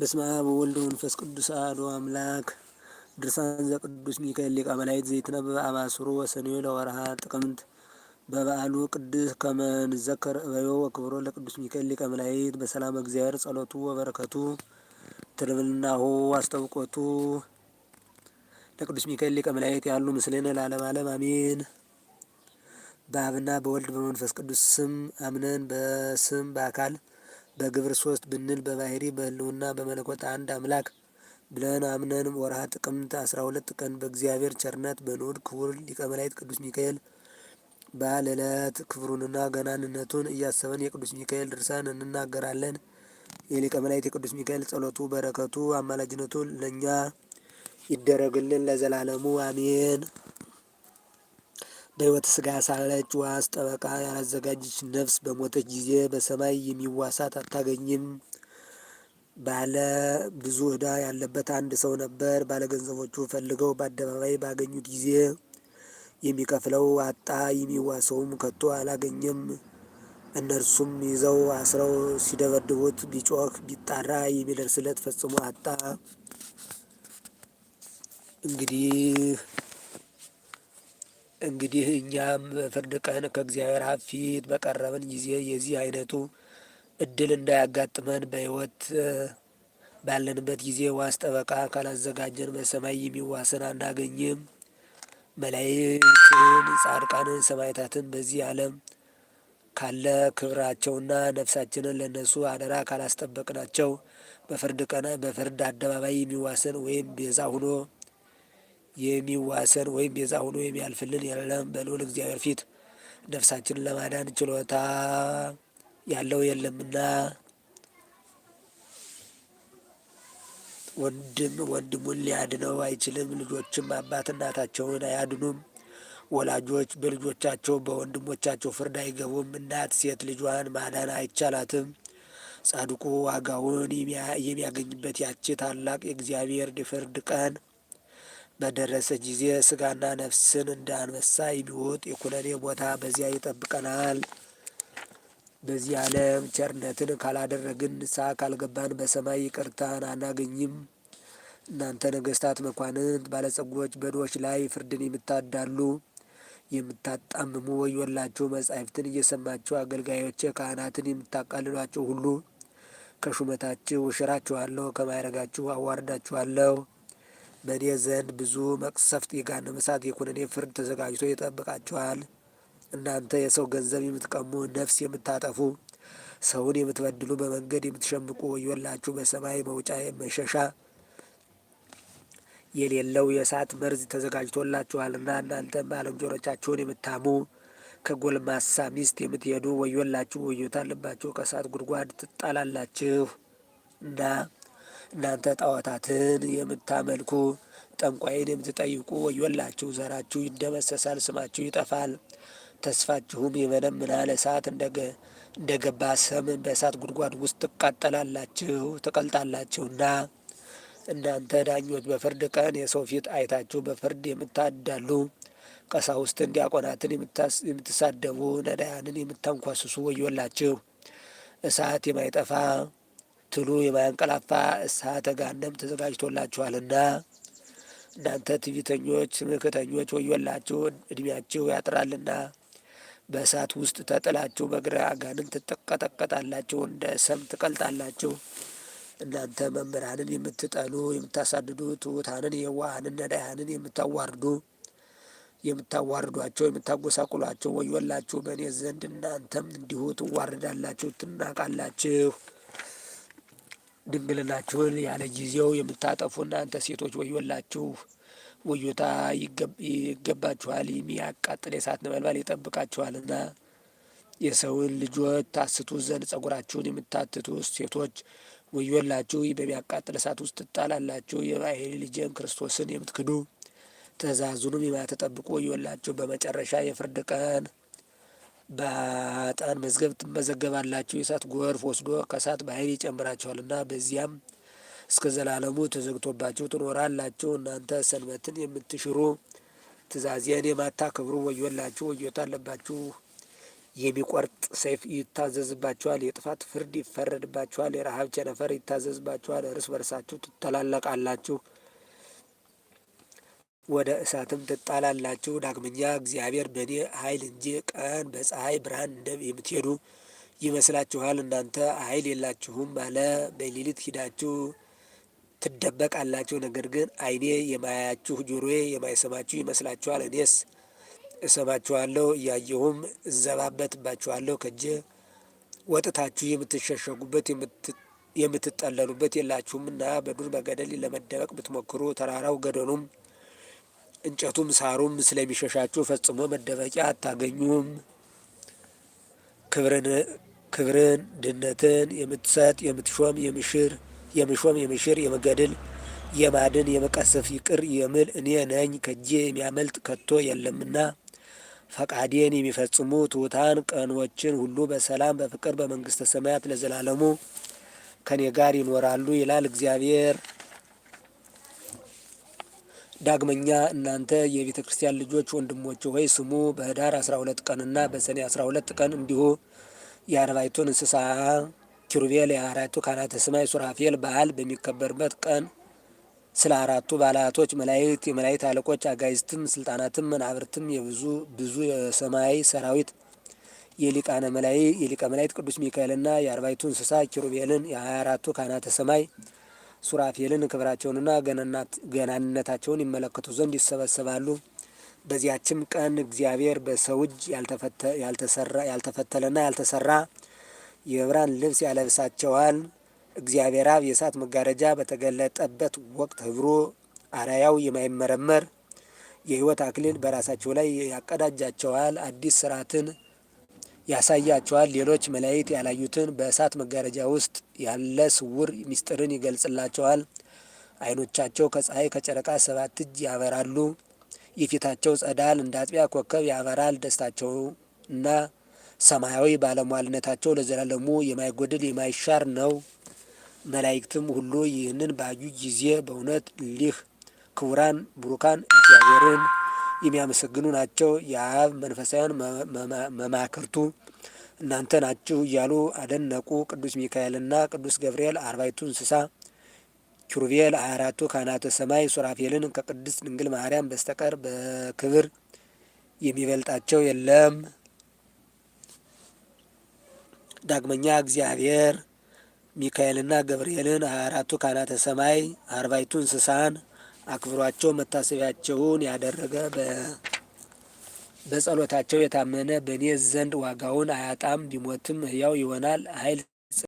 በስመ አብ ወወልድ ወመንፈስ ቅዱስ አሐዱ አምላክ። ድርሳን ዘቅዱስ ሚካኤል ሊቀ መላእክት ዘኢትነበብ አባስሩ ወሰኔ ለወርሃ ጥቅምት በበዓሉ ቅዱስ ከመንዘከር በዮ ወክብሮ ለቅዱስ ሚካኤል ሊቀ መላእክት በሰላም እግዚአብሔር ጸሎቱ ወበረከቱ ትርብልናሁ አስተውቆቱ ለቅዱስ ሚካኤል ሊቀ መላእክት ያሉ ምስሌነ ለዓለም ዓለም አሜን። በአብና በወልድ በመንፈስ ቅዱስ ስም አምነን በስም በአካል በግብር ሶስት ብንል በባህሪ በህልውና በመለኮት አንድ አምላክ ብለን አምነን ወርሃ ጥቅምት አስራ ሁለት ቀን በእግዚአብሔር ቸርነት በንዑድ ክቡር ሊቀ መላእክት ቅዱስ ሚካኤል በዓል ዕለት ክብሩንና ገናንነቱን እያሰበን የቅዱስ ሚካኤል ድርሳን እንናገራለን። የሊቀ መላእክት የቅዱስ ሚካኤል ጸሎቱ፣ በረከቱ፣ አማላጅነቱ ለእኛ ይደረግልን ለዘላለሙ አሜን። በሕይወት ስጋ ሳለች ዋስ ጠበቃ ያላዘጋጀች ነፍስ በሞተች ጊዜ በሰማይ የሚዋሳት አታገኝም። ባለ ብዙ ዕዳ ያለበት አንድ ሰው ነበር። ባለገንዘቦቹ ፈልገው በአደባባይ ባገኙት ጊዜ የሚከፍለው አጣ፣ የሚዋሰውም ከቶ አላገኘም። እነርሱም ይዘው አስረው ሲደበድቡት፣ ቢጮህ ቢጣራ የሚደርስለት ፈጽሞ አጣ። እንግዲህ እንግዲህ እኛም በፍርድ ቀን ከእግዚአብሔር አብ ፊት በቀረብን ጊዜ የዚህ አይነቱ እድል እንዳያጋጥመን በህይወት ባለንበት ጊዜ ዋስ ጠበቃ ካላዘጋጀን በሰማይ የሚዋሰን አናገኝም። መላእክትን፣ ጻድቃንን፣ ሰማዕታትን በዚህ ዓለም ካለ ክብራቸውና ነፍሳችንን ለእነሱ አደራ ካላስጠበቅናቸው በፍርድ ቀን በፍርድ አደባባይ የሚዋሰን ወይም ቤዛ ሁኖ የሚዋሰን ወይም ቤዛ ሆኖ የሚያልፍልን የለም። በልዑል እግዚአብሔር ፊት ነፍሳችንን ለማዳን ችሎታ ያለው የለምና ወንድም ወንድሙን ሊያድነው አይችልም። ልጆችም አባት እናታቸውን አያድኑም። ወላጆች በልጆቻቸው በወንድሞቻቸው ፍርድ አይገቡም። እናት ሴት ልጇን ማዳን አይቻላትም። ጻድቁ ዋጋውን የሚያገኝበት ያቺ ታላቅ የእግዚአብሔር ፍርድ ቀን በደረሰ ጊዜ ስጋና ነፍስን እንደ አንበሳ የሚውጥ የኩነኔ ቦታ በዚያ ይጠብቀናል። በዚህ ዓለም ቸርነትን ካላደረግን ንስሐ ካልገባን በሰማይ ይቅርታን አናገኝም። እናንተ ነገስታት፣ መኳንንት፣ ባለጸጎች በድሆች ላይ ፍርድን የምታዳሉ የምታጣምሙ ወዮላችሁ። መጻሕፍትን እየሰማችሁ አገልጋዮቼ ካህናትን የምታቃልሏቸው ሁሉ ከሹመታችሁ እሽራችኋለሁ፣ ከማይረጋችሁ አዋርዳችኋለሁ። በእኔ ዘንድ ብዙ መቅሰፍት የገሃነመ እሳት የኩነኔ ፍርድ ተዘጋጅቶ ይጠብቃችኋል። እናንተ የሰው ገንዘብ የምትቀሙ፣ ነፍስ የምታጠፉ፣ ሰውን የምትበድሉ፣ በመንገድ የምትሸምቁ ወዮላችሁ! በሰማይ መውጫ መሸሻ የሌለው የእሳት መርዝ ተዘጋጅቶላችኋልና። እናንተም ባልንጀሮቻችሁን የምታሙ፣ ከጎልማሳ ሚስት የምትሄዱ ወዮላችሁ! ወዮታ አለባችሁ! ከእሳት ጉድጓድ ትጣላላችሁ እና እናንተ ጣዖታትን የምታመልኩ ጠንቋይን የምትጠይቁ ወዮላችሁ! ዘራችሁ ይደመሰሳል፣ ስማችሁ ይጠፋል፣ ተስፋችሁም ይመነምናል። እሳት እንደገባ ሰም በእሳት ጉድጓድ ውስጥ ትቃጠላላችሁ ትቀልጣላችሁና። እናንተ ዳኞች በፍርድ ቀን የሰው ፊት አይታችሁ በፍርድ የምታዳሉ ቀሳውስትን፣ ዲያቆናትን የምትሳደቡ ነዳያንን የምታንኳስሱ ወዮላችሁ! እሳት የማይጠፋ እንዳትሉ የማያንቀላፋ እሳተ ገሃነም ተዘጋጅቶላችኋልና። እናንተ ትዕቢተኞች፣ ምክተኞች ወዮላችሁ! እድሜያችሁ ያጥራልና በእሳት ውስጥ ተጥላችሁ በእግረ አጋንንት ትቀጠቀጣላችሁ፣ እንደ ሰም ትቀልጣላችሁ። እናንተ መምህራንን የምትጠሉ የምታሳድዱ፣ ትሑታንን የዋሃንን ነዳያንን የምታዋርዱ የምታዋርዷቸው የምታጎሳቁሏቸው ወዮላችሁ! በእኔ ዘንድ እናንተም እንዲሁ ትዋርዳላችሁ፣ ትናቃላችሁ። ድንግልናችሁን ያለ ጊዜው የምታጠፉ እናንተ ሴቶች ወዮላችሁ፣ ወዮታ ይገባችኋል። የሚያቃጥል የእሳት ነበልባል ይጠብቃችኋልና የሰውን ልጆች ታስቱ ዘንድ ጸጉራችሁን የምታትቱ ሴቶች ወዮላችሁ፣ በሚያቃጥል እሳት ውስጥ ትጣላላችሁ። የባሕሪ ልጅን ክርስቶስን የምትክዱ ትእዛዙንም የማትጠብቁ ወዮላችሁ፣ በመጨረሻ የፍርድ ቀን በጣን መዝገብ ትመዘገባላችሁ። የእሳት ጎርፍ ወስዶ ከእሳት በኃይል ይጨምራችኋልና በዚያም እስከ ዘላለሙ ተዘግቶባችሁ ትኖራላችሁ። እናንተ ሰንበትን የምትሽሩ ትእዛዜን የማታከብሩ ወዮላችሁ፣ ወዮታ አለባችሁ። የሚቆርጥ ሰይፍ ይታዘዝባችኋል፣ የጥፋት ፍርድ ይፈረድባችኋል፣ የረሃብ ቸነፈር ይታዘዝባችኋል። እርስ በርሳችሁ ትተላለቃላችሁ። ወደ እሳትም ትጣላላችሁ። ዳግመኛ እግዚአብሔር በእኔ ኃይል እንጂ ቀን በፀሐይ ብርሃን እንደ የምትሄዱ ይመስላችኋል። እናንተ ኃይል የላችሁም አለ። በሌሊት ሂዳችሁ ትደበቃላችሁ። ነገር ግን ዓይኔ የማያችሁ ጆሮዬ የማይሰማችሁ ይመስላችኋል። እኔስ እሰማችኋለሁ፣ እያየሁም እዘባበትባችኋለሁ። ከእጄ ወጥታችሁ የምትሸሸጉበት የምትጠለሉበት የላችሁምና በዱር በገደል ለመደበቅ ብትሞክሩ ተራራው ገደሉም እንጨቱም ሳሩም ስለሚሸሻችሁ ፈጽሞ መደበቂያ አታገኙም። ክብርን፣ ድነትን የምትሰጥ የምትሾም የምሽር የምሾም የምሽር የመገድል የማድን የመቀሰፍ ይቅር የምል እኔ ነኝ ከጄ የሚያመልጥ ከቶ የለምና ፈቃዴን የሚፈጽሙ ትሑታን ቀኖችን ሁሉ በሰላም በፍቅር በመንግስተ ሰማያት ለዘላለሙ ከኔ ጋር ይኖራሉ ይላል እግዚአብሔር። ዳግመኛ እናንተ የቤተ ክርስቲያን ልጆች ወንድሞች ሆይ ስሙ፣ በህዳር 12 ቀንና በሰኔ 12 ቀን እንዲሁ የአርባዕቱን እንስሳ ኪሩቤል፣ የአራቱ ካህናተ ሰማይ፣ ሱራፌል በዓል በሚከበርበት ቀን ስለ አራቱ ባላቶች መላእክት፣ የመላእክት አለቆች፣ አጋይዝትም፣ ስልጣናትም፣ መናብርትም የብዙ ብዙ የሰማይ ሰራዊት የሊቃነ መላእክት የሊቀ መላእክት ቅዱስ ሚካኤልና የአርባይቱ እንስሳ ኪሩቤልን የሀያ አራቱ ካህናተ ሰማይ ሱራፌልን ክብራቸውንና ገናንነታቸውን ይመለከቱ ዘንድ ይሰበሰባሉ። በዚያችም ቀን እግዚአብሔር በሰው እጅ ያልተፈተለና ያልተሰራ የብራን ልብስ ያለብሳቸዋል። እግዚአብሔር አብ የእሳት መጋረጃ በተገለጠበት ወቅት ህብሮ አራያው የማይመረመር የህይወት አክሊል በራሳቸው ላይ ያቀዳጃቸዋል። አዲስ ስርዓትን ያሳያቸዋል። ሌሎች መላእክት ያላዩትን በእሳት መጋረጃ ውስጥ ያለ ስውር ምስጢርን ይገልጽላቸዋል። አይኖቻቸው ከፀሐይ ከጨረቃ ሰባት እጅ ያበራሉ። የፊታቸው ጸዳል እንደ አጥቢያ ኮከብ ያበራል። ደስታቸውና ሰማያዊ ባለሟልነታቸው ለዘላለሙ የማይጎድል የማይሻር ነው። መላእክትም ሁሉ ይህንን ባዩ ጊዜ በእውነት ሊህ ክቡራን ብሩካን እግዚአብሔርን የሚያመሰግኑ ናቸው። የአብ መንፈሳውያን መማክርቱ እናንተ ናችሁ እያሉ አደነቁ። ቅዱስ ሚካኤልና ቅዱስ ገብርኤል አርባይቱ እንስሳ ኪሩቤል ሀያ አራቱ ካህናተ ሰማይ ሱራፌልን ከቅድስት ድንግል ማርያም በስተቀር በክብር የሚበልጣቸው የለም። ዳግመኛ እግዚአብሔር ሚካኤልና ገብርኤልን ሀያ አራቱ ካህናተ ሰማይ አርባይቱ እንስሳን አክብሯቸው መታሰቢያቸውን ያደረገ በጸሎታቸው የታመነ በእኔ ዘንድ ዋጋውን አያጣም፣ ቢሞትም ሕያው ይሆናል። ኃይል